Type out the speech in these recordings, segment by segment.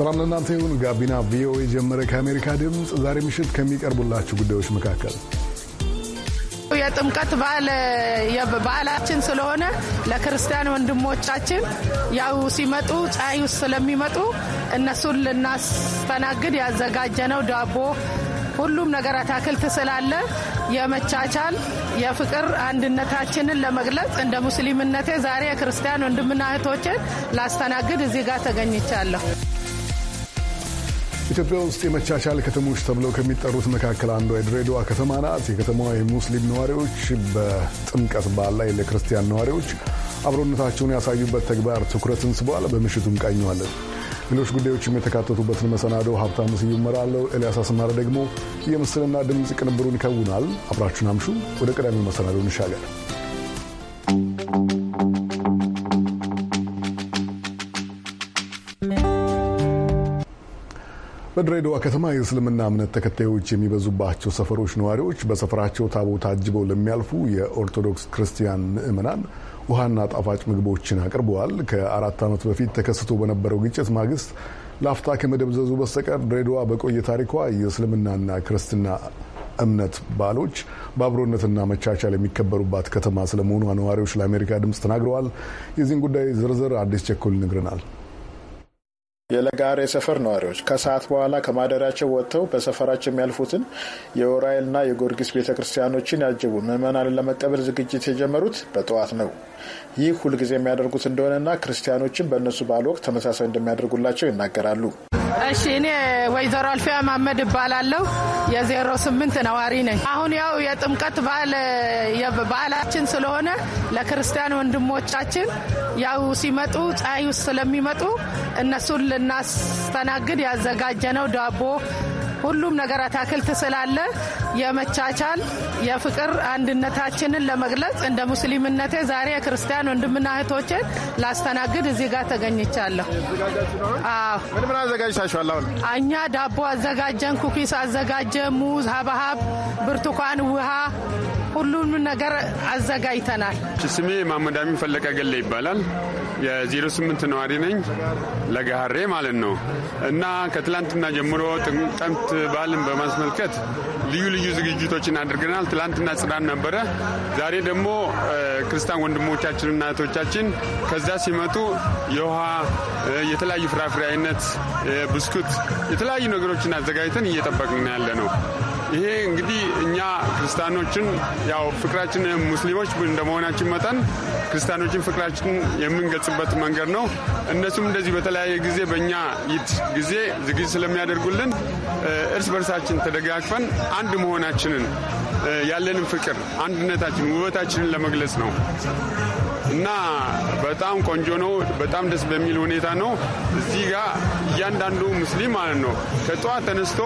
ሰላም ለእናንተ ይሁን። ጋቢና ቪኦኤ ጀመረ። ከአሜሪካ ድምፅ ዛሬ ምሽት ከሚቀርቡላችሁ ጉዳዮች መካከል የጥምቀት በዓል በዓላችን ስለሆነ ለክርስቲያን ወንድሞቻችን ያው ሲመጡ ፀሐይ ውስጥ ስለሚመጡ እነሱን ልናስተናግድ ያዘጋጀነው ዳቦ ሁሉም ነገር አታክልት ስላለ የመቻቻል የፍቅር አንድነታችንን ለመግለጽ እንደ ሙስሊምነቴ ዛሬ የክርስቲያን ወንድምና እህቶችን ላስተናግድ እዚህ ጋር ተገኝቻለሁ። ኢትዮጵያ ውስጥ የመቻቻል ከተሞች ተብለው ከሚጠሩት መካከል አንዷ የድሬዳዋ ከተማ ናት። የከተማዋ የሙስሊም ነዋሪዎች በጥምቀት በዓል ላይ ለክርስቲያን ነዋሪዎች አብሮነታቸውን ያሳዩበት ተግባር ትኩረትን ስቧል። በምሽቱም ቃኘዋለን። ሌሎች ጉዳዮችም የተካተቱበትን መሰናዶ ሀብታሙ ስዩም እመራለሁ። ኤልያስ አስማረ ደግሞ የምስልና ድምፅ ቅንብሩን ይከውናል። አብራችሁን አምሹ። ወደ ቀዳሚው መሰናዶ እንሻገር። በድሬዳዋ ከተማ የእስልምና እምነት ተከታዮች የሚበዙባቸው ሰፈሮች ነዋሪዎች በሰፈራቸው ታቦት አጅበው ለሚያልፉ የኦርቶዶክስ ክርስቲያን ምዕመናን ውሃና ጣፋጭ ምግቦችን አቅርበዋል። ከአራት ዓመት በፊት ተከስቶ በነበረው ግጭት ማግስት ላፍታ ከመደብዘዙ በስተቀር ድሬዳዋ በቆየ ታሪኳ የእስልምናና ክርስትና እምነት ባሎች በአብሮነትና መቻቻል የሚከበሩባት ከተማ ስለመሆኗ ነዋሪዎች ለአሜሪካ ድምፅ ተናግረዋል። የዚህን ጉዳይ ዝርዝር አዲስ ቸኮል ይነግረናል። የለጋሬ የሰፈር ነዋሪዎች ከሰዓት በኋላ ከማደሪያቸው ወጥተው በሰፈራቸው የሚያልፉትን የዑራኤልና የጊዮርጊስ ቤተ ክርስቲያኖችን ያጀቡ ምዕመናንን ለመቀበል ዝግጅት የጀመሩት በጠዋት ነው። ይህ ሁልጊዜ የሚያደርጉት እንደሆነና ክርስቲያኖችን በእነሱ በዓል ወቅት ተመሳሳይ እንደሚያደርጉላቸው ይናገራሉ። እሺ፣ እኔ ወይዘሮ አልፊያ ማመድ እባላለሁ። የዜሮ ስምንት ነዋሪ ነኝ። አሁን ያው የጥምቀት በዓል ባህላችን ስለሆነ ለክርስቲያን ወንድሞቻችን ያው ሲመጡ ፀሐይ ውስጥ ስለሚመጡ እነሱን ልናስተናግድ ነው። ዳቦ ሁሉም ነገር አታክልት ስላለ የመቻቻል የፍቅር አንድነታችንን ለመግለጽ እንደ ሙስሊምነቴ ዛሬ የክርስቲያን ወንድምና እህቶችን ላስተናግድ እዚህ ጋር ተገኝቻለሁ። ምን አዘጋጅታችኋል? እኛ ዳቦ አዘጋጀን፣ ኩኪስ አዘጋጀ፣ ሙዝ፣ ሀብሀብ፣ ብርቱካን፣ ውሃ ሁሉም ነገር አዘጋጅተናል። ስሜ ማመዳሚ ፈለቀ ገሌ ይባላል። የ08 ነዋሪ ነኝ፣ ለገሀሬ ማለት ነው። እና ከትላንትና ጀምሮ ጥምቀት የጥምቀት በዓልን በማስመልከት ልዩ ልዩ ዝግጅቶችን አድርገናል። ትላንትና ጽዳን ነበረ። ዛሬ ደግሞ ክርስቲያን ወንድሞቻችንና እህቶቻችን ከዛ ሲመጡ የውሃ የተለያዩ ፍራፍሬ አይነት፣ ብስኩት፣ የተለያዩ ነገሮችን አዘጋጅተን እየጠበቅን ያለ ነው። ይሄ እንግዲህ እኛ ክርስቲያኖችን ያው ፍቅራችን ሙስሊሞች እንደመሆናችን መጠን ክርስቲያኖችን ፍቅራችን የምንገልጽበት መንገድ ነው። እነሱም እንደዚህ በተለያየ ጊዜ በእኛ ይድ ጊዜ ዝግጅት ስለሚያደርጉልን እርስ በርሳችን ተደጋግፈን አንድ መሆናችንን ያለንን ፍቅር አንድነታችን ውበታችንን ለመግለጽ ነው። እና በጣም ቆንጆ ነው። በጣም ደስ በሚል ሁኔታ ነው። እዚህ ጋር እያንዳንዱ ሙስሊም ማለት ነው ከጠዋት ተነስቶ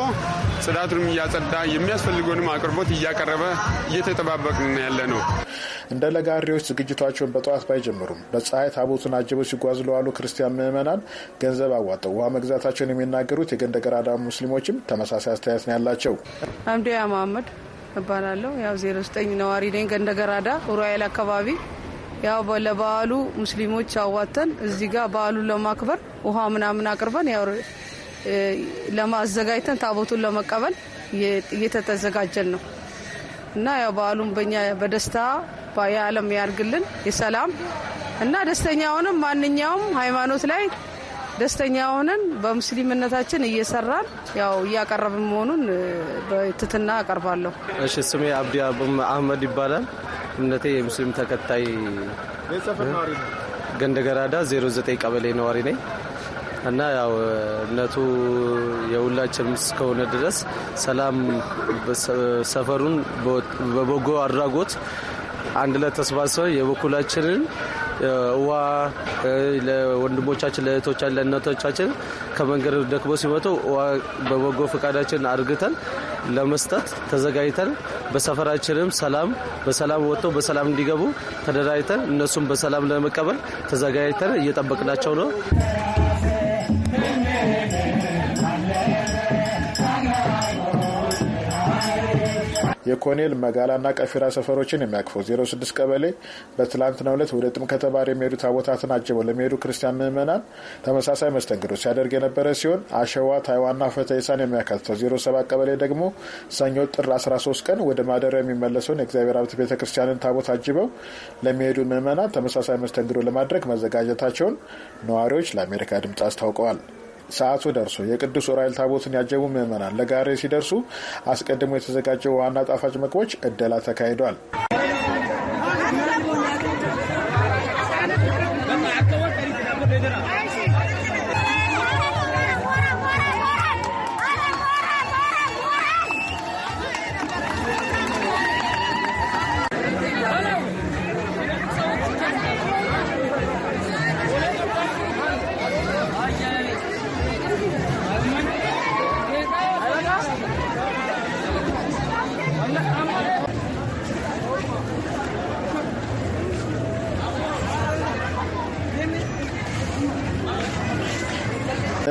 ጽዳቱንም እያጸዳ የሚያስፈልገውንም አቅርቦት እያቀረበ እየተጠባበቅን ያለ ነው። እንደ ለጋሪዎች ዝግጅታቸውን በጠዋት ባይጀምሩም በፀሐይ ታቦቱን አጅበው ሲጓዙ ለዋሉ ክርስቲያን ምዕመናን ገንዘብ አዋጠው ውሃ መግዛታቸውን የሚናገሩት የገንደገራዳ ሙስሊሞችም ተመሳሳይ አስተያየት ነው ያላቸው። አምዲያ መሀመድ እባላለሁ። ያው ዜሮ ዘጠኝ ነዋሪ ነኝ ገንደገራዳ ገራዳ አካባቢ ያው ለበዓሉ ሙስሊሞች አዋተን እዚህ ጋር በዓሉን ለማክበር ውሃ ምናምን አቅርበን ያው ለማዘጋጅተን ታቦቱን ለመቀበል እየተዘጋጀን ነው እና ያው በዓሉን በእኛ በደስታ የዓለም ያርግልን የሰላም እና ደስተኛ ሆነም ማንኛውም ሃይማኖት ላይ ደስተኛ ሆነን በሙስሊምነታችን እየሰራን ያው እያቀረብን መሆኑን በትትና አቀርባለሁ። እሺ፣ ስሜ አብዲ አህመድ ይባላል። እምነቴ የሙስሊም ተከታይ ገንደገራዳ 09 ቀበሌ ነዋሪ ነኝ እና ያው እምነቱ የሁላችንም እስከሆነ ድረስ ሰላም ሰፈሩን በበጎ አድራጎት አንድ ላይ ተሰባስበን የበኩላችንን ውሃ ለወንድሞቻችን፣ ለእህቶቻችን፣ ለእናቶቻችን ከመንገድ ደክሞ ሲመጡ ውሃ በበጎ ፈቃዳችን አድርግተን ለመስጠት ተዘጋጅተን በሰፈራችንም ሰላም በሰላም ወጥቶ በሰላም እንዲገቡ ተደራጅተን እነሱም በሰላም ለመቀበል ተዘጋጅተን እየጠበቅናቸው ነው። የኮኔል መጋላና ቀፊራ ሰፈሮችን የሚያቅፈው 06 ስድስት ቀበሌ በትላንትናው ዕለት ወደ ጥምቀተ ባህር የሚሄዱ ታቦታትን አጅበው ለሚሄዱ ክርስቲያን ምዕመናን ተመሳሳይ መስተንግዶ ሲያደርግ የነበረ ሲሆን አሸዋ ታይዋንና ፈተይሳን የሚያካትተው 07 ቀበሌ ደግሞ ሰኞ ጥር 13 ቀን ወደ ማደሪያ የሚመለሰውን የእግዚአብሔር ሀብት ቤተ ክርስቲያንን ታቦት አጅበው ለሚሄዱ ምዕመናን ተመሳሳይ መስተንግዶ ለማድረግ መዘጋጀታቸውን ነዋሪዎች ለአሜሪካ ድምፅ አስታውቀዋል። ሰዓቱ ደርሶ የቅዱስ ዑራኤል ታቦትን ያጀቡ ምዕመናን ለጋሬ ሲደርሱ አስቀድሞ የተዘጋጀው ዋና ጣፋጭ ምግቦች እደላ ተካሂዷል።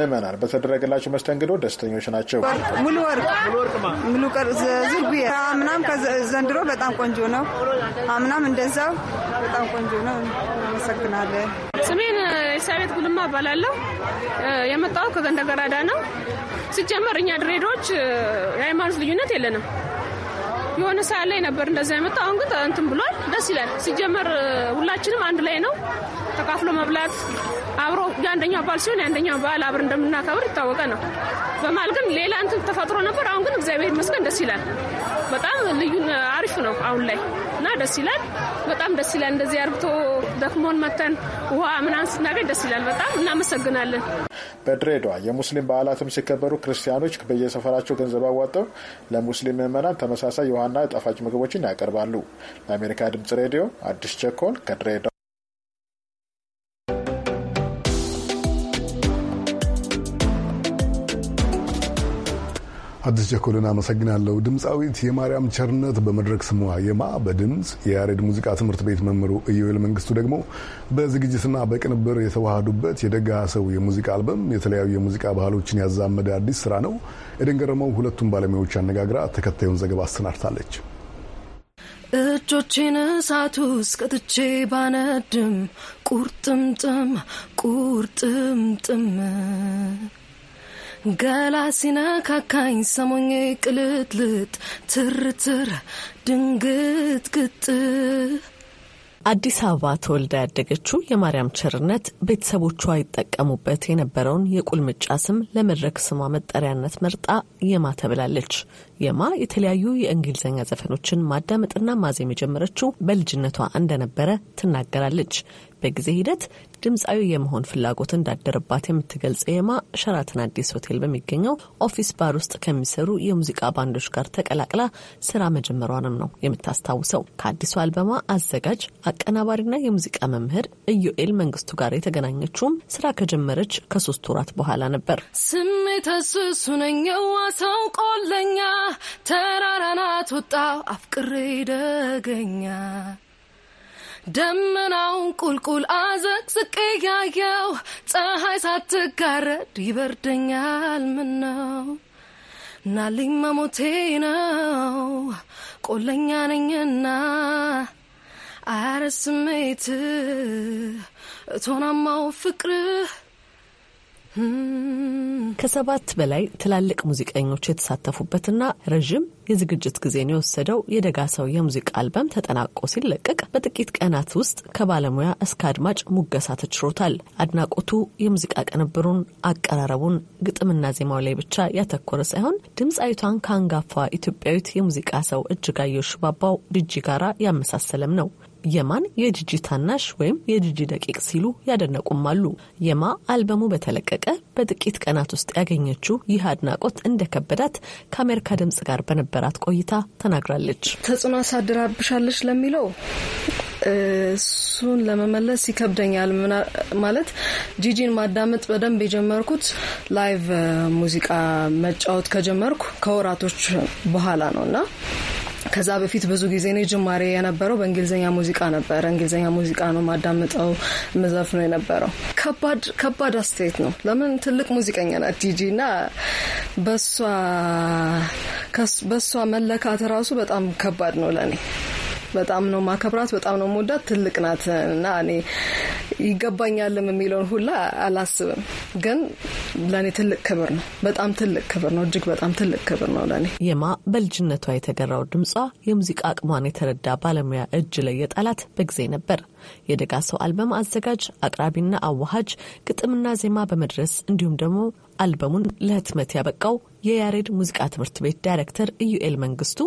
ምዕመናን በተደረገላቸው መስተንግዶ ደስተኞች ናቸው። ምናም ዘንድሮ በጣም ቆንጆ ነው። አምናም እንደዛው በጣም ቆንጆ ነው። አመሰግናለን። ስሜን ኤልሳቤት ጉልማ እባላለሁ። የመጣው ገራዳ ነው። ሲጀመር እኛ ድሬዳዎች የሃይማኖት ልዩነት የለንም። የሆነ ሰዓት ላይ ነበር እንደዚ የመጣ አሁን ግን እንትን ብሏል። ደስ ይላል። ሲጀመር ሁላችንም አንድ ላይ ነው። ተካፍሎ መብላት አብሮ የአንደኛው በዓል ሲሆን የአንደኛው በዓል አብር እንደምናከብር ይታወቀ ነው። በመሀል ግን ሌላ እንትን ተፈጥሮ ነበር። አሁን ግን እግዚአብሔር ይመስገን ደስ ይላል። በጣም ልዩ አሪፍ ነው አሁን ላይ እና ደስ ይላል። በጣም ደስ ይላል። እንደዚህ አርብቶ ደክሞን መተን ውሃ ምናምን ስናገኝ ደስ ይላል። በጣም እናመሰግናለን። በድሬዳዋ የሙስሊም በዓላትም ሲከበሩ ክርስቲያኖች በየሰፈራቸው ገንዘብ አዋጠው ለሙስሊም ምዕመናን ተመሳሳይ የውሃና ጣፋጭ ምግቦችን ያቀርባሉ። ለአሜሪካ ድምጽ ሬዲዮ አዲስ ቸኮል ከድሬዳዋ አዲስ ጀኮልን አመሰግናለሁ። ድምፃዊት የማርያም ቸርነት በመድረክ ስሟ የማ በድምፅ የያሬድ ሙዚቃ ትምህርት ቤት መምህሩ እየወል መንግስቱ ደግሞ በዝግጅትና በቅንብር የተዋሃዱበት የደጋ ሰው የሙዚቃ አልበም የተለያዩ የሙዚቃ ባህሎችን ያዛመደ አዲስ ስራ ነው። ኤደን ገረመው ሁለቱም ባለሙያዎች አነጋግራ ተከታዩን ዘገባ አሰናድታለች። እጆቼን እሳት ውስጥ ባነድም ቁርጥምጥም ቁርጥምጥም ገላ ሲነካካኝ ሰሞኜ ቅልጥልጥ ትርትር ድንግጥግጥ አዲስ አበባ ተወልዳ ያደገችው የማርያም ቸርነት ቤተሰቦቿ ይጠቀሙበት የነበረውን የቁልምጫ ስም ለመድረክ ስሟ መጠሪያነት መርጣ የማ ተብላለች። የማ የተለያዩ የእንግሊዝኛ ዘፈኖችን ማዳመጥና ማዜም የጀመረችው በልጅነቷ እንደነበረ ትናገራለች። በጊዜ ሂደት ድምፃዊ የመሆን ፍላጎት እንዳደረባት የምትገልጽ የማ ሸራተን አዲስ ሆቴል በሚገኘው ኦፊስ ባር ውስጥ ከሚሰሩ የሙዚቃ ባንዶች ጋር ተቀላቅላ ስራ መጀመሯንም ነው የምታስታውሰው። ከአዲሱ አልበማ አዘጋጅ አቀናባሪና የሙዚቃ መምህር ኢዮኤል መንግስቱ ጋር የተገናኘችውም ስራ ከጀመረች ከሶስት ወራት በኋላ ነበር። ስሜት ስሱነኛው ሰው ቆለኛ ተራራናት ወጣ አፍቅሬ ደገኛ ደመናውን ቁልቁል አዘቅዝቅ ያየው ፀሐይ ሳትጋረድ ይበርደኛል ነው ናልኝ መሞቴ ነው ቆለኛ ነኝና አያረ ስሜት እቶናማው ፍቅርህ Hmm. ከሰባት በላይ ትላልቅ ሙዚቀኞች የተሳተፉበትና ረዥም የዝግጅት ጊዜን የወሰደው የደጋ ሰው የሙዚቃ አልበም ተጠናቆ ሲለቀቅ በጥቂት ቀናት ውስጥ ከባለሙያ እስከ አድማጭ ሙገሳ ተችሮታል። አድናቆቱ የሙዚቃ ቅንብሩን፣ አቀራረቡን፣ ግጥምና ዜማው ላይ ብቻ ያተኮረ ሳይሆን ድምፃዊቷን ከአንጋፋ ኢትዮጵያዊት የሙዚቃ ሰው እጅጋየሁ ሽባባው ጂጂ ጋራ ያመሳሰለም ነው። የማን የጂጂ ታናሽ ወይም የጂጂ ደቂቅ ሲሉ ያደነቁም አሉ። የማ አልበሙ በተለቀቀ በጥቂት ቀናት ውስጥ ያገኘችው ይህ አድናቆት እንደከበዳት ከአሜሪካ ድምጽ ጋር በነበራት ቆይታ ተናግራለች። ተጽዕኖ አሳድራብሻለች ለሚለው እሱን ለመመለስ ይከብደኛል። ማለት ጂጂን ማዳመጥ በደንብ የጀመርኩት ላይቭ ሙዚቃ መጫወት ከጀመርኩ ከወራቶች በኋላ ነው እና ከዛ በፊት ብዙ ጊዜ እኔ ጅማሬ የነበረው በእንግሊዝኛ ሙዚቃ ነበረ። እንግሊዝኛ ሙዚቃ ነው ማዳምጠው ምዘፍ ነው የነበረው። ከባድ ከባድ አስተያየት ነው። ለምን ትልቅ ሙዚቀኛ ናት ዲጂ እና በሷ መለካት ራሱ በጣም ከባድ ነው ለእኔ። በጣም ነው ማከብራት፣ በጣም ነው መወዳት። ትልቅ ናት እና እኔ ይገባኛልም የሚለውን ሁላ አላስብም፣ ግን ለእኔ ትልቅ ክብር ነው። በጣም ትልቅ ክብር ነው። እጅግ በጣም ትልቅ ክብር ነው ለእኔ። የማ በልጅነቷ የተገራው ድምጿ የሙዚቃ አቅሟን የተረዳ ባለሙያ እጅ ላይ የጣላት በጊዜ ነበር። የደጋ ሰው አልበም አዘጋጅ አቅራቢና አዋሃጅ፣ ግጥምና ዜማ በመድረስ እንዲሁም ደግሞ አልበሙን ለህትመት ያበቃው የያሬድ ሙዚቃ ትምህርት ቤት ዳይሬክተር ኢዩኤል መንግስቱ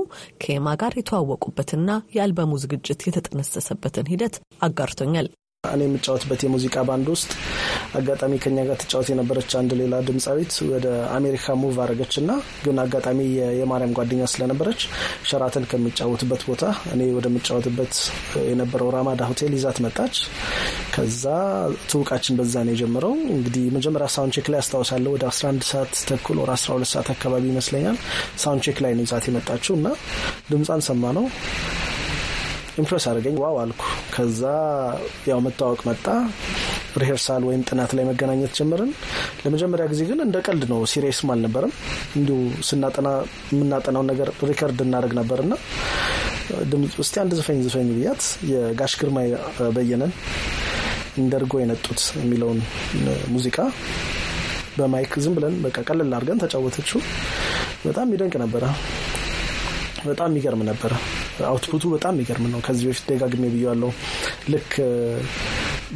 ከኤማ ጋር የተዋወቁበትና የአልበሙ ዝግጅት የተጠነሰሰበትን ሂደት አጋርቶኛል። እኔ የምጫወትበት የሙዚቃ ባንድ ውስጥ አጋጣሚ ከኛ ጋር ትጫወት የነበረች አንድ ሌላ ድምፃዊት ወደ አሜሪካ ሙቭ አድረገች እና ግን አጋጣሚ የማርያም ጓደኛ ስለነበረች ሸራተን ከሚጫወትበት ቦታ እኔ ወደምጫወትበት የነበረው ራማዳ ሆቴል ይዛት መጣች። ከዛ ትውቃችን በዛ ነው የጀመረው። እንግዲህ መጀመሪያ ሳውንቼክ ላይ አስታውሳለሁ ወደ 11 ሰዓት ተኩል ወር 12 ሰዓት አካባቢ ይመስለኛል ሳውንቼክ ላይ ነው ይዛት የመጣችው እና ድምፃን ሰማ ነው ኢንፍሉስ አድርገኝ ዋው አልኩ። ከዛ ያው መታወቅ መጣ። ሪሄርሳል ወይም ጥናት ላይ መገናኘት ጀምርን። ለመጀመሪያ ጊዜ ግን እንደ ቀልድ ነው፣ ሲሪየስም አልነበረም። እንዲሁ ስናጠና የምናጠናውን ነገር ሪከርድ እናደርግ ነበርና ድምፅ ውስጥ አንድ ዘፈኝ ዘፈኝ ብያት የጋሽ ግርማ በየነን እንደርጎ የነጡት የሚለውን ሙዚቃ በማይክ ዝም ብለን በቃ ቀለል አድርገን ተጫወተችው። በጣም ይደንቅ ነበረ። በጣም ይገርም ነበረ። አውትፑቱ በጣም የሚገርም ነው። ከዚህ በፊት ደጋግሜ ብያለሁ። ልክ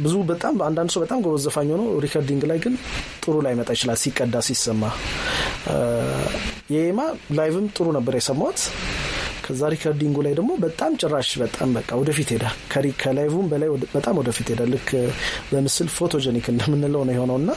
ብዙ በጣም አንዳንድ ሰው በጣም ጎበዝ ዘፋኝ ሆኖ ሪከርዲንግ ላይ ግን ጥሩ ላይ መጣ ይችላል ሲቀዳ ሲሰማ። የኤማ ላይቭም ጥሩ ነበር የሰማሁት። ከዛ ሪከርዲንጉ ላይ ደግሞ በጣም ጭራሽ በጣም በቃ ወደፊት ሄዳ ከላይቭም በላይ በጣም ወደፊት ሄዳ ልክ በምስል ፎቶጀኒክ እንደምንለው ነው የሆነውና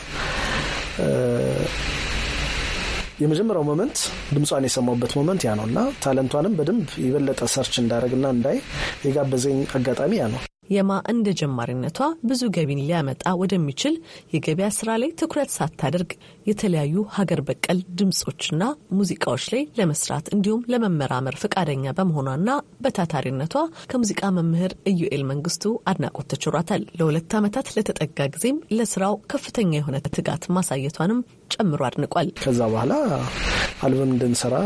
የመጀመሪያው ሞመንት ድምጿን የሰማሁበት ሞመንት ያ ነው እና ታለንቷንም በደንብ የበለጠ ሰርች እንዳደረግና እንዳይ የጋበዘኝ አጋጣሚ ያ ነው። የማ እንደ ጀማሪነቷ ብዙ ገቢን ሊያመጣ ወደሚችል የገበያ ስራ ላይ ትኩረት ሳታደርግ የተለያዩ ሀገር በቀል ድምፆችና ሙዚቃዎች ላይ ለመስራት እንዲሁም ለመመራመር ፈቃደኛ በመሆኗና በታታሪነቷ ከሙዚቃ መምህር ኢዩኤል መንግስቱ አድናቆት ተችሯታል። ለሁለት ዓመታት ለተጠጋ ጊዜም ለስራው ከፍተኛ የሆነ ትጋት ማሳየቷንም ጨምሮ አድንቋል። ከዛ በኋላ አልበም እንድንሰራ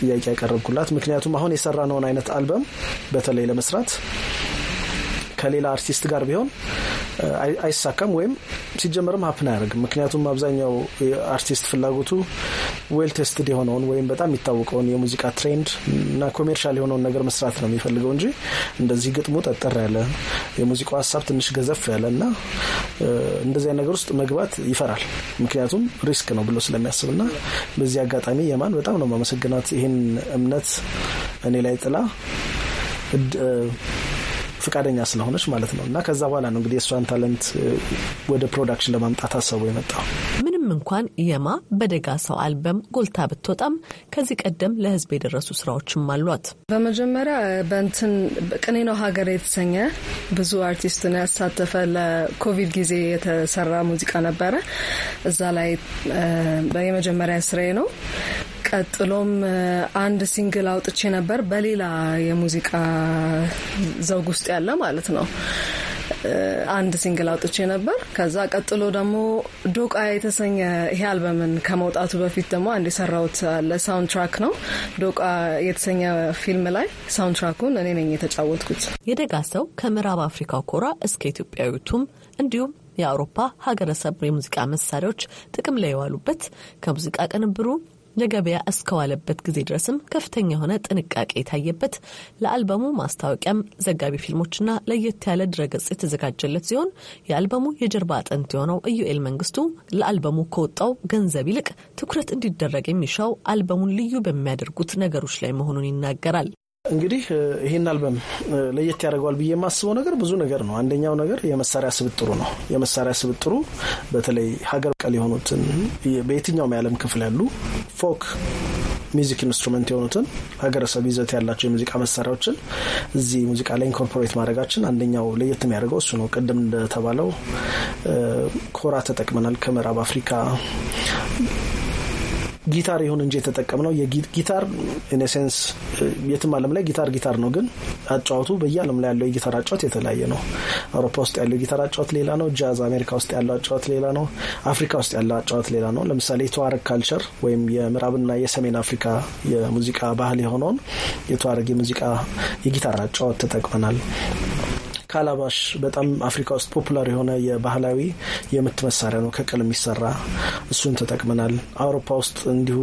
ጥያቄ ያቀረብኩላት፣ ምክንያቱም አሁን የሰራነውን አይነት አልበም በተለይ ለመስራት ከሌላ አርቲስት ጋር ቢሆን አይሳካም ወይም ሲጀመርም ሀፕን አያደርግም። ምክንያቱም አብዛኛው አርቲስት ፍላጎቱ ዌል ቴስትድ የሆነውን ወይም በጣም የሚታወቀውን የሙዚቃ ትሬንድ እና ኮሜርሻል የሆነውን ነገር መስራት ነው የሚፈልገው እንጂ እንደዚህ ግጥሙ ጠጠር ያለ የሙዚቃው ሀሳብ ትንሽ ገዘፍ ያለ እና እንደዚያ ነገር ውስጥ መግባት ይፈራል። ምክንያቱም ሪስክ ነው ብሎ ስለሚያስብ እና በዚህ አጋጣሚ የማን በጣም ነው ማመሰግናት ይህን እምነት እኔ ላይ ጥላ ፍቃደኛ ስለሆነች ማለት ነው። እና ከዛ በኋላ ነው እንግዲህ የእሷን ታለንት ወደ ፕሮዳክሽን ለማምጣት አሰቡ የመጣው። ምንም እንኳን የማ በደጋ ሰው አልበም ጎልታ ብትወጣም ከዚህ ቀደም ለህዝብ የደረሱ ስራዎችም አሏት። በመጀመሪያ በንትን ቅኔ ነው ሀገር የተሰኘ ብዙ አርቲስትን ያሳተፈ ለኮቪድ ጊዜ የተሰራ ሙዚቃ ነበረ። እዛ ላይ የመጀመሪያ ስራዬ ነው። ቀጥሎም uh, አንድ ሲንግል አውጥቼ ነበር በሌላ የሙዚቃ ዘውግ ውስጥ ያለ ማለት ነው። uh, አንድ ሲንግል አውጥቼ ነበር። ከዛ ቀጥሎ ደግሞ ዶቃ የተሰኘ ይሄ አልበምን ከመውጣቱ በፊት ደግሞ አንድ የሰራሁት አለ። ሳውንድ ትራክ ነው። ዶቃ የተሰኘ ፊልም ላይ ሳውንድ ትራኩን እኔ ነኝ የተጫወትኩት። የደጋ ሰው ከምዕራብ አፍሪካው ኮራ እስከ ኢትዮጵያዊቱም እንዲሁም የአውሮፓ ሀገረሰብ የሙዚቃ መሳሪያዎች ጥቅም ላይ የዋሉበት ከሙዚቃ ቅንብሩ የገበያ እስከዋለበት ጊዜ ድረስም ከፍተኛ የሆነ ጥንቃቄ የታየበት ለአልበሙ ማስታወቂያም ዘጋቢ ፊልሞችና ለየት ያለ ድረገጽ የተዘጋጀለት ሲሆን የአልበሙ የጀርባ አጥንት የሆነው ኢዩኤል መንግስቱ ለአልበሙ ከወጣው ገንዘብ ይልቅ ትኩረት እንዲደረግ የሚሻው አልበሙን ልዩ በሚያደርጉት ነገሮች ላይ መሆኑን ይናገራል። እንግዲህ ይህን አልበም ለየት ያደርገዋል ብዬ የማስበው ነገር ብዙ ነገር ነው። አንደኛው ነገር የመሳሪያ ስብጥሩ ነው። የመሳሪያ ስብጥሩ በተለይ ሀገር በቀል የሆኑትን በየትኛውም የዓለም ክፍል ያሉ ፎክ ሚዚክ ኢንስትሩመንት የሆኑትን ሀገረሰብ ይዘት ያላቸው የሙዚቃ መሳሪያዎችን እዚህ ሙዚቃ ላይ ኢንኮርፖሬት ማድረጋችን አንደኛው ለየት የሚያደርገው እሱ ነው። ቅድም እንደተባለው ኮራ ተጠቅመናል ከምዕራብ አፍሪካ ጊታር ይሁን እንጂ የተጠቀምነው ጊታር ኢነሴንስ የትም ዓለም ላይ ጊታር ጊታር ነው። ግን አጫወቱ በየዓለም ላይ ያለው የጊታር አጫወት የተለያየ ነው። አውሮፓ ውስጥ ያለው የጊታር አጫወት ሌላ ነው። ጃዝ አሜሪካ ውስጥ ያለው አጫወት ሌላ ነው። አፍሪካ ውስጥ ያለው አጫወት ሌላ ነው። ለምሳሌ የተዋረግ ካልቸር ወይም የምዕራብና የሰሜን አፍሪካ የሙዚቃ ባህል የሆነውን የተዋረግ የሙዚቃ የጊታር አጫወት ተጠቅመናል። ካላባሽ በጣም አፍሪካ ውስጥ ፖፑላር የሆነ የባህላዊ የምት መሳሪያ ነው፣ ከቅል የሚሰራ እሱን ተጠቅመናል። አውሮፓ ውስጥ እንዲሁ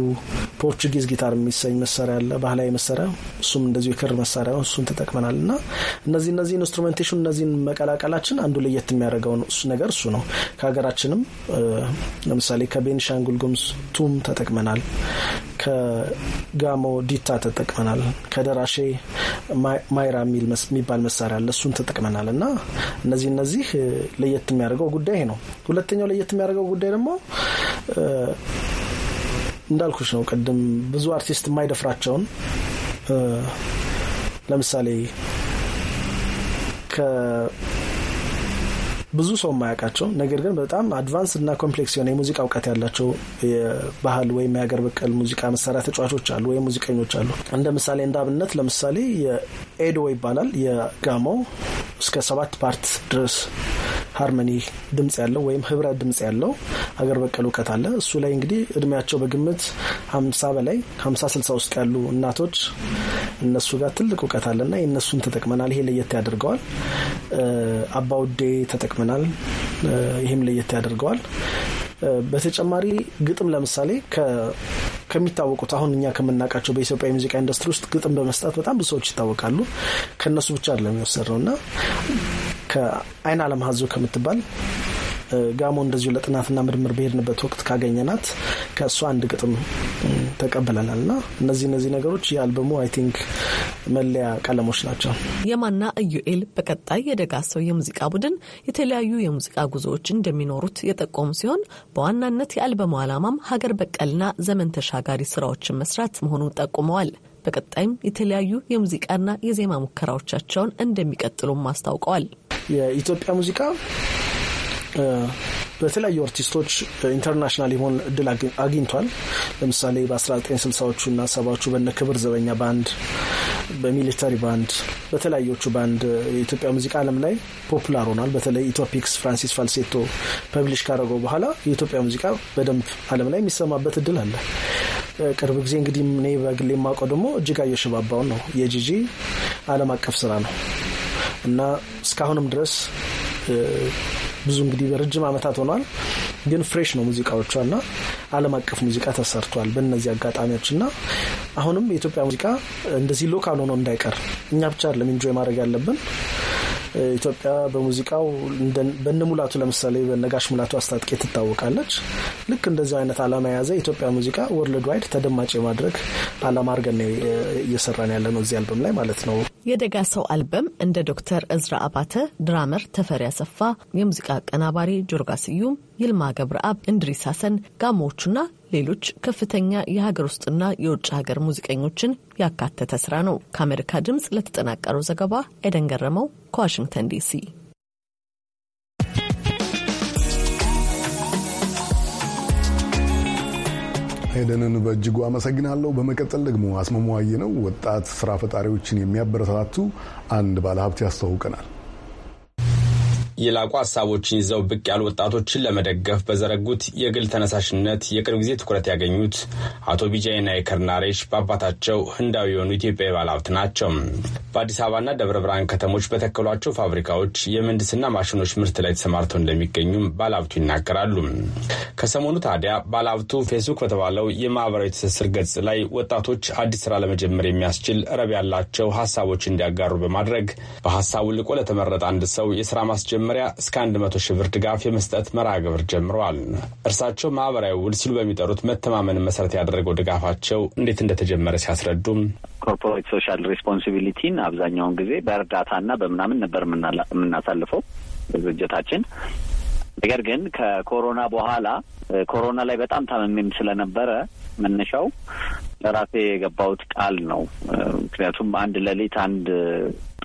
ፖርቹጊዝ ጊታር የሚሰኝ መሳሪያ አለ፣ ባህላዊ መሳሪያ፣ እሱም እንደዚሁ የክር መሳሪያ ነው፣ እሱን ተጠቅመናል። እና እነዚህ እነዚህ ኢንስትሩሜንቴሽን እነዚህን መቀላቀላችን አንዱ ለየት የሚያደርገው ነገር እሱ ነው። ከሀገራችንም ለምሳሌ ከቤኒሻንጉል ጉሙዝ ቱም ተጠቅመናል። ከጋሞ ዲታ ተጠቅመናል። ከደራሼ ማይራ የሚባል መሳሪያ አለ። እሱን ተጠቅመናል እና እነዚህ እነዚህ ለየት የሚያደርገው ጉዳይ ነው። ሁለተኛው ለየት የሚያደርገው ጉዳይ ደግሞ እንዳልኩሽ ነው። ቅድም ብዙ አርቲስት የማይደፍራቸውን ለምሳሌ ብዙ ሰው የማያውቃቸው ነገር ግን በጣም አድቫንስ እና ኮምፕሌክስ የሆነ የሙዚቃ እውቀት ያላቸው የባህል ወይም የሀገር በቀል ሙዚቃ መሳሪያ ተጫዋቾች አሉ ወይም ሙዚቀኞች አሉ። እንደ ምሳሌ እንደ አብነት ለምሳሌ የኤዶ ይባላል የጋማው እስከ ሰባት ፓርት ድረስ ሃርመኒ ድምጽ ያለው ወይም ህብረት ድምጽ ያለው ሀገር በቀል እውቀት አለ። እሱ ላይ እንግዲህ እድሜያቸው በግምት ሀምሳ በላይ ሀምሳ ስልሳ ውስጥ ያሉ እናቶች እነሱ ጋር ትልቅ እውቀት አለና የእነሱን ተጠቅመናል። ይሄ ለየት ያደርገዋል። አባውዴ ተጠቅመናል። ይህም ለየት ያደርገዋል። በተጨማሪ ግጥም ለምሳሌ ከሚታወቁት አሁን እኛ ከምናውቃቸው በኢትዮጵያ የሙዚቃ ኢንዱስትሪ ውስጥ ግጥም በመስጠት በጣም ብዙ ሰዎች ይታወቃሉ። ከእነሱ ብቻ አይደለም የወሰድነው እና ከአይን አለም ሀዞ ከምትባል ጋሞ እንደዚሁ ለጥናትና ምርምር በሄድንበት ወቅት ካገኘናት ከእሱ አንድ ግጥም ተቀብለናል እና እነዚህ እነዚህ ነገሮች የአልበሙ አይ ቲንክ መለያ ቀለሞች ናቸው። የማና ኢዩኤል በቀጣይ የደጋሰው የሙዚቃ ቡድን የተለያዩ የሙዚቃ ጉዞዎች እንደሚኖሩት የጠቆሙ ሲሆን በዋናነት የአልበሙ ዓላማም ሀገር በቀልና ዘመን ተሻጋሪ ስራዎችን መስራት መሆኑን ጠቁመዋል። በቀጣይም የተለያዩ የሙዚቃና የዜማ ሙከራዎቻቸውን እንደሚቀጥሉም አስታውቀዋል። የኢትዮጵያ ሙዚቃ በተለያዩ አርቲስቶች ኢንተርናሽናል የሆን እድል አግኝቷል። ለምሳሌ በ1960ዎቹ እና ሰባዎቹ በነ ክብር ዘበኛ ባንድ፣ በሚሊተሪ ባንድ፣ በተለያዮቹ ባንድ የኢትዮጵያ ሙዚቃ ዓለም ላይ ፖፑላር ሆኗል። በተለይ ኢትዮፒክስ ፍራንሲስ ፋልሴቶ ፐብሊሽ ካደረገው በኋላ የኢትዮጵያ ሙዚቃ በደንብ ዓለም ላይ የሚሰማበት እድል አለ። ቅርብ ጊዜ እንግዲህ እኔ በግሌ የማውቀው ደግሞ እጅጋየሁ ሽባባውን ነው። የጂጂ ዓለም አቀፍ ስራ ነው። እና እስካሁንም ድረስ ብዙ እንግዲህ ረጅም ዓመታት ሆኗል፣ ግን ፍሬሽ ነው ሙዚቃዎቿ እና ዓለም አቀፍ ሙዚቃ ተሰርቷል በእነዚህ አጋጣሚዎች እና አሁንም የኢትዮጵያ ሙዚቃ እንደዚህ ሎካል ሆኖ እንዳይቀር እኛ ብቻ አይደለም ኢንጆይ ማድረግ ያለብን ኢትዮጵያ በሙዚቃው በእነ ሙላቱ ለምሳሌ በነጋሽ ሙላቱ አስታጥቄ ትታወቃለች። ልክ እንደዚህ አይነት አላማ የያዘ የኢትዮጵያ ሙዚቃ ወርልድ ዋይድ ተደማጭ የማድረግ አላማ አድርገን ነው እየሰራን ያለ ነው እዚህ አልበም ላይ ማለት ነው። የደጋ ሰው አልበም እንደ ዶክተር እዝራ አባተ፣ ድራመር ተፈሪ አሰፋ፣ የሙዚቃ አቀናባሪ ጆርጋ ስዩም፣ ይልማ ገብረአብ፣ እንድሪስ ሀሰን፣ ጋሞዎቹና ሌሎች ከፍተኛ የሀገር ውስጥና የውጭ ሀገር ሙዚቀኞችን ያካተተ ስራ ነው። ከአሜሪካ ድምፅ ለተጠናቀረው ዘገባ ኤደን ገረመው ከዋሽንግተን ዲሲ። ሄደንን በእጅጉ አመሰግናለሁ። በመቀጠል ደግሞ አስማማው ነው። ወጣት ስራ ፈጣሪዎችን የሚያበረታቱ አንድ ባለሀብት ያስተዋውቀናል። የላቁ ሀሳቦችን ይዘው ብቅ ያሉ ወጣቶችን ለመደገፍ በዘረጉት የግል ተነሳሽነት የቅርብ ጊዜ ትኩረት ያገኙት አቶ ቢጃይና የከርናሬሽ በአባታቸው ህንዳዊ የሆኑ ኢትዮጵያዊ ባለሀብት ናቸው። በአዲስ አበባና ደብረ ብርሃን ከተሞች በተከሏቸው ፋብሪካዎች የምህንድስና ማሽኖች ምርት ላይ ተሰማርተው እንደሚገኙም ባለሀብቱ ይናገራሉ። ከሰሞኑ ታዲያ ባለሀብቱ ፌስቡክ በተባለው የማህበራዊ ትስስር ገጽ ላይ ወጣቶች አዲስ ስራ ለመጀመር የሚያስችል ረብ ያላቸው ሀሳቦች እንዲያጋሩ በማድረግ በሀሳቡ ልቆ ለተመረጠ አንድ ሰው የስራ ማስጀመር መጀመሪያ እስከ 100 ሺህ ብር ድጋፍ የመስጠት መርሃ ግብር ጀምረዋል። እርሳቸው ማህበራዊ ውል ሲሉ በሚጠሩት መተማመንን መሰረት ያደረገው ድጋፋቸው እንዴት እንደተጀመረ ሲያስረዱም ኮርፖሬት ሶሻል ሬስፖንሲቢሊቲን አብዛኛውን ጊዜ በእርዳታና በምናምን ነበር የምናሳልፈው በድርጅታችን። ነገር ግን ከኮሮና በኋላ ኮሮና ላይ በጣም ታመሜም ስለነበረ መነሻው ለራሴ የገባሁት ቃል ነው። ምክንያቱም አንድ ሌሊት አንድ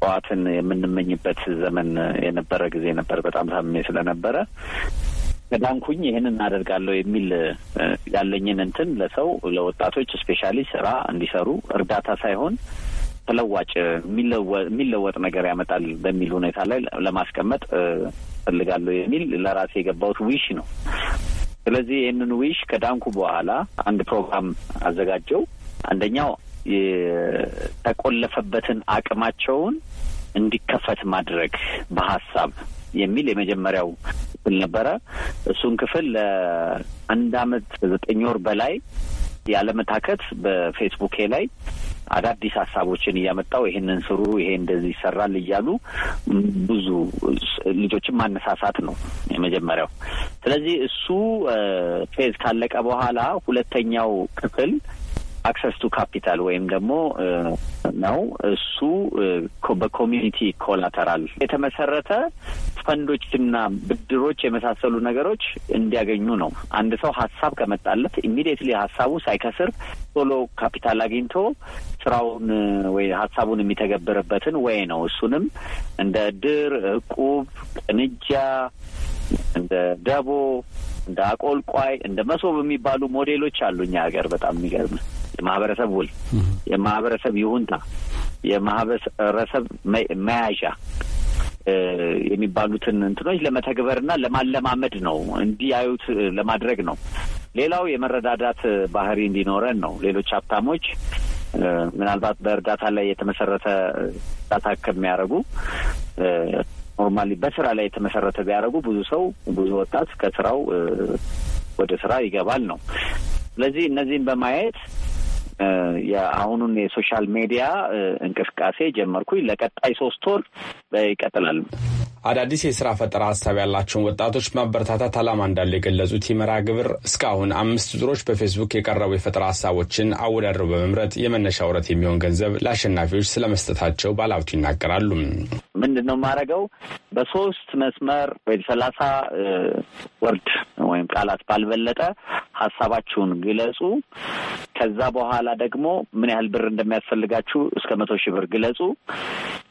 ጠዋትን የምንመኝበት ዘመን የነበረ ጊዜ ነበር። በጣም ታምሜ ስለነበረ ከዳንኩኝ ይህንን አደርጋለሁ የሚል ያለኝን እንትን ለሰው ለወጣቶች ስፔሻሊ ስራ እንዲሰሩ እርዳታ ሳይሆን ተለዋጭ የሚለወጥ ነገር ያመጣል በሚል ሁኔታ ላይ ለማስቀመጥ ፈልጋለሁ የሚል ለራሴ የገባሁት ዊሽ ነው። ስለዚህ ይህንን ዊሽ ከዳንኩ በኋላ አንድ ፕሮግራም አዘጋጀው። አንደኛው የተቆለፈበትን አቅማቸውን እንዲከፈት ማድረግ በሀሳብ የሚል የመጀመሪያው ክፍል ነበረ። እሱን ክፍል ለአንድ አመት ዘጠኝ ወር በላይ ያለመታከት በፌስቡኬ ላይ አዳዲስ ሀሳቦችን እያመጣው ይሄንን ስሩ፣ ይሄ እንደዚህ ይሰራል እያሉ ብዙ ልጆችን ማነሳሳት ነው የመጀመሪያው። ስለዚህ እሱ ፌዝ ካለቀ በኋላ ሁለተኛው ክፍል አክሰስ ቱ ካፒታል ወይም ደግሞ ነው። እሱ በኮሚዩኒቲ ኮላተራል የተመሰረተ ፈንዶችና ብድሮች የመሳሰሉ ነገሮች እንዲያገኙ ነው። አንድ ሰው ሀሳብ ከመጣለት ኢሚዲየትሊ ሀሳቡ ሳይከስር ቶሎ ካፒታል አግኝቶ ስራውን ወይ ሀሳቡን የሚተገብርበትን ወይ ነው። እሱንም እንደ እድር፣ እቁብ፣ ቅንጃ፣ እንደ ደቦ፣ እንደ አቆልቋይ፣ እንደ መሶብ የሚባሉ ሞዴሎች አሉ እኛ ሀገር በጣም የሚገርም የማህበረሰብ ውል፣ የማህበረሰብ ይሁንታ፣ የማህበረሰብ መያዣ የሚባሉትን እንትኖች ለመተግበርና ለማለማመድ ነው፣ እንዲያዩት ለማድረግ ነው። ሌላው የመረዳዳት ባህሪ እንዲኖረን ነው። ሌሎች ሀብታሞች ምናልባት በእርዳታ ላይ የተመሰረተ እርዳታ ከሚያደርጉ ኖርማሊ በስራ ላይ የተመሰረተ ቢያደርጉ ብዙ ሰው ብዙ ወጣት ከስራው ወደ ስራ ይገባል ነው። ስለዚህ እነዚህን በማየት የአሁኑን የሶሻል ሜዲያ እንቅስቃሴ ጀመርኩኝ። ለቀጣይ ሶስት ወር ይቀጥላል። አዳዲስ የስራ ፈጠራ ሀሳብ ያላቸውን ወጣቶች ማበረታታት አላማ እንዳለ የገለጹት ይመራ ግብር እስካሁን አምስት ዙሮች በፌስቡክ የቀረቡ የፈጠራ ሀሳቦችን አወዳድረው በመምረጥ የመነሻ ውረት የሚሆን ገንዘብ ለአሸናፊዎች ስለመስጠታቸው ባለሀብቱ ይናገራሉ። ምንድን ነው የማደርገው? በሶስት መስመር ወይ ሰላሳ ወርድ ወይም ቃላት ባልበለጠ ሀሳባችሁን ግለጹ። ከዛ በኋላ ደግሞ ምን ያህል ብር እንደሚያስፈልጋችሁ እስከ መቶ ሺህ ብር ግለጹ።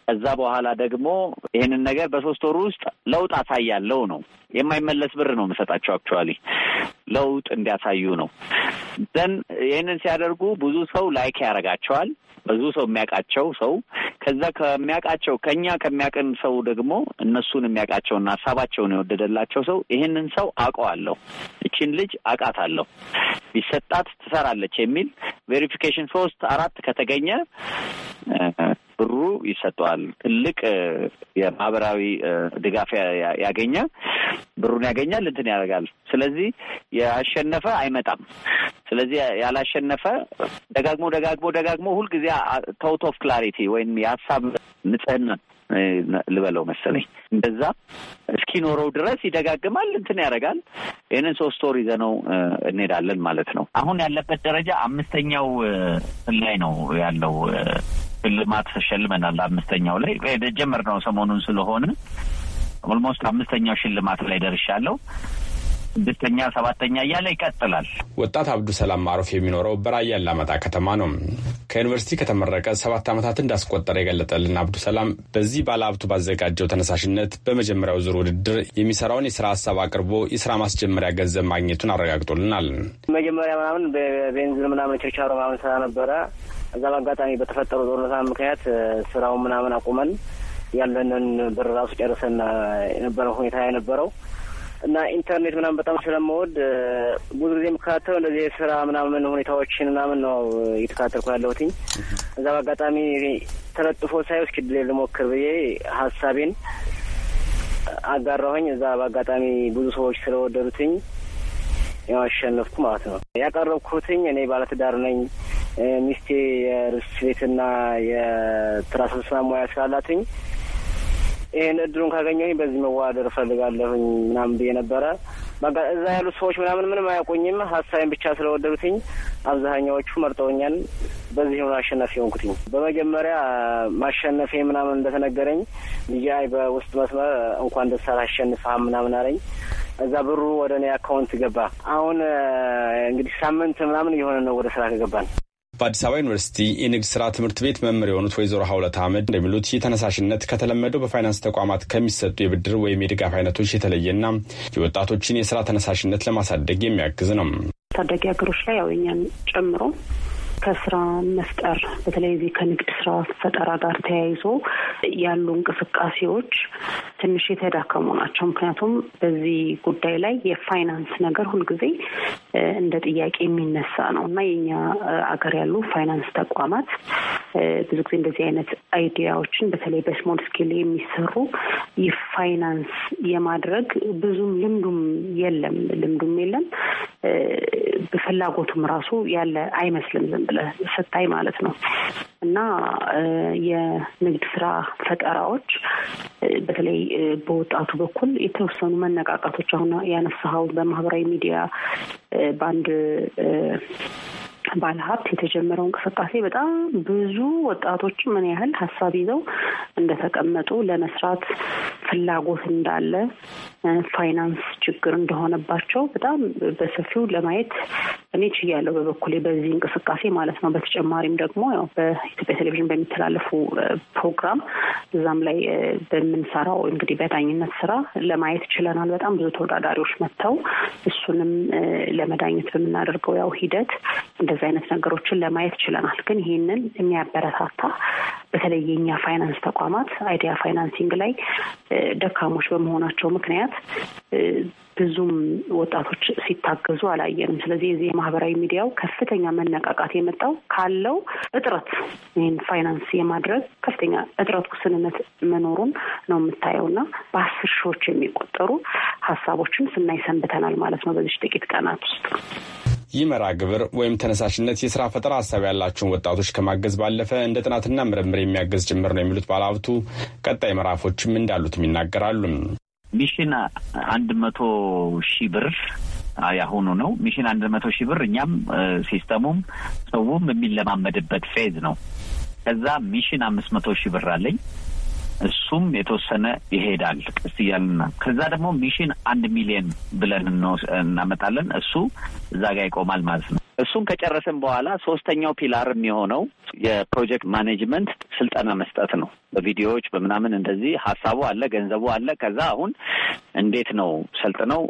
ከዛ በኋላ ደግሞ ይህንን ነገር በሶስት ወር ውስጥ ለውጥ አሳያለው ነው። የማይመለስ ብር ነው የምሰጣቸው። አክቹዋሊ ለውጥ እንዲያሳዩ ነው። ዘን ይህንን ሲያደርጉ ብዙ ሰው ላይክ ያደርጋቸዋል። ብዙ ሰው የሚያውቃቸው ሰው ከዛ ከሚያውቃቸው ከኛ ከሚያውቅን ሰው ደግሞ እነሱን የሚያውቃቸውና ሀሳባቸውን የወደደላቸው ሰው ይህንን ሰው አውቀዋለሁ፣ እቺን ልጅ አውቃታለሁ፣ ቢሰጣት ትሰራለች የሚል ቬሪፊኬሽን ሶስት አራት ከተገኘ ብሩ ይሰጠዋል። ትልቅ የማህበራዊ ድጋፍ ያገኘ ብሩን ያገኛል፣ እንትን ያደርጋል። ስለዚህ ያሸነፈ አይመጣም። ስለዚህ ያላሸነፈ ደጋግሞ ደጋግሞ ደጋግሞ ሁልጊዜ ታውት ኦፍ ክላሪቲ ወይም የሀሳብ ንጽህና ልበለው መሰለኝ እንደዛ እስኪኖረው ድረስ ይደጋግማል፣ እንትን ያደርጋል። ይህንን ሶስት ወር ይዘነው እንሄዳለን ማለት ነው። አሁን ያለበት ደረጃ አምስተኛው ላይ ነው ያለው ሽልማት ተሸልመናል። አምስተኛው ላይ ጀመር ነው ሰሞኑን ስለሆነ ኦልሞስት አምስተኛው ሽልማት ላይ ደርሻለሁ። ስድስተኛ፣ ሰባተኛ እያለ ይቀጥላል። ወጣት አብዱ ሰላም ማዕሮፍ የሚኖረው በራያ አላማጣ ከተማ ነው። ከዩኒቨርሲቲ ከተመረቀ ሰባት ዓመታት እንዳስቆጠረ የገለጠልን አብዱ ሰላም በዚህ ባለ ሀብቱ ባዘጋጀው ተነሳሽነት በመጀመሪያው ዙር ውድድር የሚሰራውን የስራ ሀሳብ አቅርቦ የስራ ማስጀመሪያ ገንዘብ ማግኘቱን አረጋግጦልናል። መጀመሪያ ምናምን በቤንዚን ምናምን ችርቻሮ ምናምን ስራ ነበረ እዛ በአጋጣሚ በተፈጠረው ጦርነት ምክንያት ስራው ምናምን አቁመን ያለንን ብር ራሱ ጨርሰን የነበረው ሁኔታ የነበረው እና ኢንተርኔት ምናምን በጣም ስለምወድ ብዙ ጊዜ የምከታተለው እንደዚህ የስራ ምናምን ሁኔታዎችን ምናምን ነው እየተከታተልኩ ያለሁትኝ። እዛ በአጋጣሚ ተለጥፎ ሳይ እስኪ ድሌ ልሞክር ብዬ ሀሳቤን አጋራሁኝ። እዛ በአጋጣሚ ብዙ ሰዎች ስለወደዱትኝ ያሸነፍኩ አሸነፍኩ ማለት ነው። ያቀረብኩትኝ እኔ ባለትዳር ነኝ፣ ሚስቴ የርስ ቤትና የትራንስፖርትና ሙያ ስላላትኝ ይህን እድሉን ካገኘሁኝ በዚህ መዋደር እፈልጋለሁኝ ምናምን ብዬ ነበረ። በቃ እዛ ያሉት ሰዎች ምናምን ምንም አያውቁኝም። ሀሳቤን ብቻ ስለወደዱትኝ አብዛኛዎቹ መርጠውኛል። በዚህ ሆኖ አሸናፊ ሆንኩትኝ። በመጀመሪያ ማሸነፌ ምናምን እንደተነገረኝ ልጃይ በውስጥ መስመር እንኳን ደስ አለህ ምናምን አለኝ። እዛ ብሩ ወደ እኔ አካውንት ገባ። አሁን እንግዲህ ሳምንት ምናምን እየሆነ ነው ወደ ስራ ከገባን በአዲስ አበባ ዩኒቨርሲቲ የንግድ ስራ ትምህርት ቤት መምህር የሆኑት ወይዘሮ ሀውለት አህመድ እንደሚሉት ይህ ተነሳሽነት ከተለመደው በፋይናንስ ተቋማት ከሚሰጡ የብድር ወይም የድጋፍ አይነቶች የተለየና የወጣቶችን የስራ ተነሳሽነት ለማሳደግ የሚያግዝ ነው። ታዳጊ ሀገሮች ላይ ያው ጨምሮ ከስራ መፍጠር በተለይ እዚህ ከንግድ ስራ ፈጠራ ጋር ተያይዞ ያሉ እንቅስቃሴዎች ትንሽ የተዳከሙ ናቸው። ምክንያቱም በዚህ ጉዳይ ላይ የፋይናንስ ነገር ሁልጊዜ እንደ ጥያቄ የሚነሳ ነው እና የኛ አገር ያሉ ፋይናንስ ተቋማት ብዙ ጊዜ እንደዚህ አይነት አይዲያዎችን በተለይ በስሞል ስኬል የሚሰሩ ይህ ፋይናንስ የማድረግ ብዙም ልምዱም የለም ልምዱም የለም በፍላጎቱም ራሱ ያለ አይመስልም። ዝም ብለህ ስታይ ማለት ነው። እና የንግድ ስራ ፈጠራዎች በተለይ በወጣቱ በኩል የተወሰኑ መነቃቃቶች አሁን ያነሳኸው በማህበራዊ ሚዲያ በአንድ ባለሀብት የተጀመረው እንቅስቃሴ በጣም ብዙ ወጣቶች ምን ያህል ሀሳብ ይዘው እንደተቀመጡ ለመስራት ፍላጎት እንዳለ ፋይናንስ ችግር እንደሆነባቸው በጣም በሰፊው ለማየት እኔ ችያለሁ በበኩሌ በዚህ እንቅስቃሴ ማለት ነው። በተጨማሪም ደግሞ ያው በኢትዮጵያ ቴሌቪዥን በሚተላለፉ ፕሮግራም እዛም ላይ በምንሰራው እንግዲህ በዳኝነት ስራ ለማየት ችለናል። በጣም ብዙ ተወዳዳሪዎች መጥተው እሱንም ለመዳኘት በምናደርገው ያው ሂደት እንደዚህ አይነት ነገሮችን ለማየት ችለናል። ግን ይህንን የሚያበረታታ በተለይ የኛ ፋይናንስ ተቋማት አይዲያ ፋይናንሲንግ ላይ ደካሞች በመሆናቸው ምክንያት ብዙም ወጣቶች ሲታገዙ አላየንም። ስለዚህ የዚህ የማህበራዊ ሚዲያው ከፍተኛ መነቃቃት የመጣው ካለው እጥረት ይህን ፋይናንስ የማድረግ ከፍተኛ እጥረት፣ ውስንነት መኖሩን ነው የምታየው እና በአስር ሺዎች የሚቆጠሩ ሀሳቦችን ስናይ ሰንብተናል ማለት ነው በዚህ ጥቂት ቀናት ውስጥ ይህ መርሃ ግብር ወይም ተነሳሽነት የስራ ፈጠራ ሀሳብ ያላቸውን ወጣቶች ከማገዝ ባለፈ እንደ ጥናትና ምርምር የሚያገዝ ጭምር ነው የሚሉት ባለሀብቱ ቀጣይ ምዕራፎችም እንዳሉትም ይናገራሉ። ሚሽን አንድ መቶ ሺህ ብር ያሁኑ ነው። ሚሽን አንድ መቶ ሺህ ብር እኛም ሲስተሙም ሰውም የሚለማመድበት ፌዝ ነው። ከዛ ሚሽን አምስት መቶ ሺህ ብር አለኝ። እሱም የተወሰነ ይሄዳል ቀስ እያልና ከዛ ደግሞ ሚሽን አንድ ሚሊየን ብለን እናመጣለን። እሱ እዛ ጋ ይቆማል ማለት ነው። እሱን ከጨረስን በኋላ ሶስተኛው ፒላር የሚሆነው የፕሮጀክት ማኔጅመንት ስልጠና መስጠት ነው። በቪዲዮዎች በምናምን እንደዚህ ሀሳቡ አለ፣ ገንዘቡ አለ። ከዛ አሁን እንዴት ነው ሰልጥነው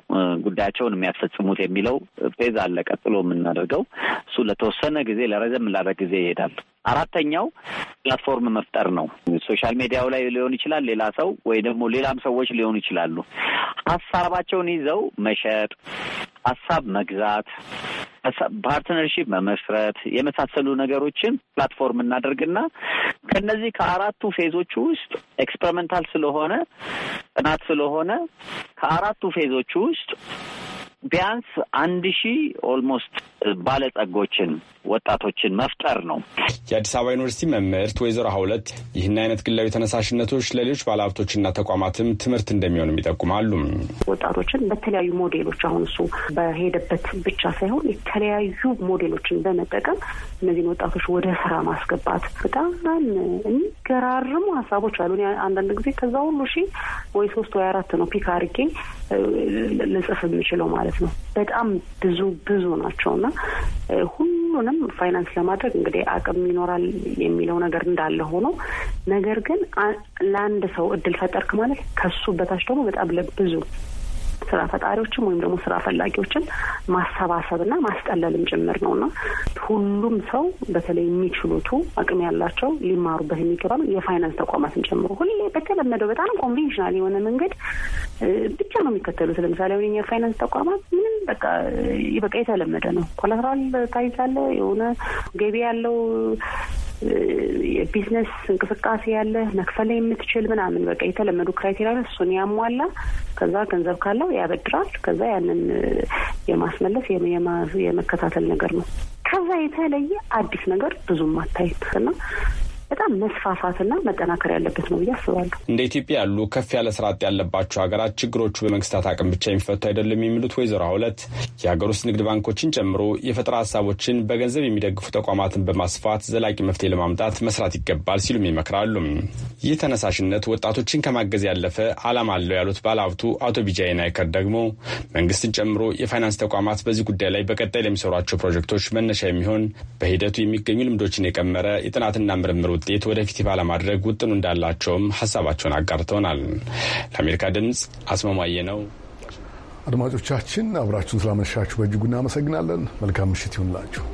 ጉዳያቸውን የሚያስፈጽሙት የሚለው ፌዝ አለ። ቀጥሎ የምናደርገው እሱ ለተወሰነ ጊዜ ለረዘም ላለ ጊዜ ይሄዳል። አራተኛው ፕላትፎርም መፍጠር ነው። ሶሻል ሚዲያው ላይ ሊሆን ይችላል፣ ሌላ ሰው ወይ ደግሞ ሌላም ሰዎች ሊሆኑ ይችላሉ። ሀሳባቸውን ይዘው መሸጥ፣ ሀሳብ መግዛት ፓርትነርሺፕ መመስረት የመሳሰሉ ነገሮችን ፕላትፎርም እናደርግና ከነዚህ ከአራቱ ፌዞች ውስጥ ኤክስፐሪመንታል ስለሆነ ጥናት ስለሆነ ከአራቱ ፌዞች ውስጥ ቢያንስ አንድ ሺህ ኦልሞስት ባለጸጎችን ወጣቶችን መፍጠር ነው። የአዲስ አበባ ዩኒቨርሲቲ መምህርት ወይዘሮ ሀውለት ይህን አይነት ግላዊ ተነሳሽነቶች ለሌሎች ባለሀብቶችና ተቋማትም ትምህርት እንደሚሆንም ይጠቁማሉ። ወጣቶችን በተለያዩ ሞዴሎች አሁን እሱ በሄደበት ብቻ ሳይሆን የተለያዩ ሞዴሎችን በመጠቀም እነዚህን ወጣቶች ወደ ስራ ማስገባት በጣም የሚገራርሙ ሀሳቦች አሉ። አንዳንድ ጊዜ ከዛ ሁሉ ሺህ ወይ ሶስት ወይ አራት ነው ፒክ አድርጌ ልጽፍ የምችለው ማለት ነው። በጣም ብዙ ብዙ ናቸው እና ሁሉንም ፋይናንስ ለማድረግ እንግዲህ አቅም ይኖራል የሚለው ነገር እንዳለ ሆኖ ነገር ግን ለአንድ ሰው እድል ፈጠርክ ማለት ከሱ በታች ደግሞ በጣም ለብዙ ስራ ፈጣሪዎችን ወይም ደግሞ ስራ ፈላጊዎችን ማሰባሰብና ማስጠለልም ጭምር ነውና ሁሉም ሰው በተለይ የሚችሉቱ አቅም ያላቸው ሊማሩበት የሚገባ የፋይናንስ ተቋማትን ጨምሮ ሁሌ በተለመደው በጣም ኮንቬንሽናል የሆነ መንገድ ብቻ ነው የሚከተሉት። ለምሳሌ አሁን የፋይናንስ ተቋማት ምንም በቃ በቃ የተለመደ ነው። ኮላትራል ታይዛለ የሆነ ገቢ ያለው የቢዝነስ እንቅስቃሴ ያለ መክፈል የምትችል ምናምን በቃ የተለመዱ ክራይቴሪያ እሱን ያሟላ ከዛ ገንዘብ ካለው ያበድራል። ከዛ ያንን የማስመለስ የመከታተል ነገር ነው። ከዛ የተለየ አዲስ ነገር ብዙም አታይም እና በጣም መስፋፋትና መጠናከር ያለበት ነው ብዬ አስባለሁ። እንደ ኢትዮጵያ ያሉ ከፍ ያለ ስርዓት ያለባቸው ሀገራት ችግሮቹ በመንግስታት አቅም ብቻ የሚፈቱ አይደለም የሚሉት ወይዘሮ ሁለት የሀገር ውስጥ ንግድ ባንኮችን ጨምሮ የፈጠራ ሀሳቦችን በገንዘብ የሚደግፉ ተቋማትን በማስፋት ዘላቂ መፍትሄ ለማምጣት መስራት ይገባል ሲሉም ይመክራሉ። ይህ ተነሳሽነት ወጣቶችን ከማገዝ ያለፈ አላማ አለው ያሉት ባለሀብቱ አቶ ቢጃይ ናይከር ደግሞ መንግስትን ጨምሮ የፋይናንስ ተቋማት በዚህ ጉዳይ ላይ በቀጣይ ለሚሰሯቸው ፕሮጀክቶች መነሻ የሚሆን በሂደቱ የሚገኙ ልምዶችን የቀመረ የጥናትና ምርምር ውጤት ወደፊት ይፋ ለማድረግ ውጥኑ እንዳላቸውም ሀሳባቸውን አጋርተውናል። ለአሜሪካ ድምጽ አስማማየ ነው። አድማጮቻችን አብራችሁን ስላመሻችሁ በእጅጉ እናመሰግናለን። መልካም ምሽት ይሁንላችሁ።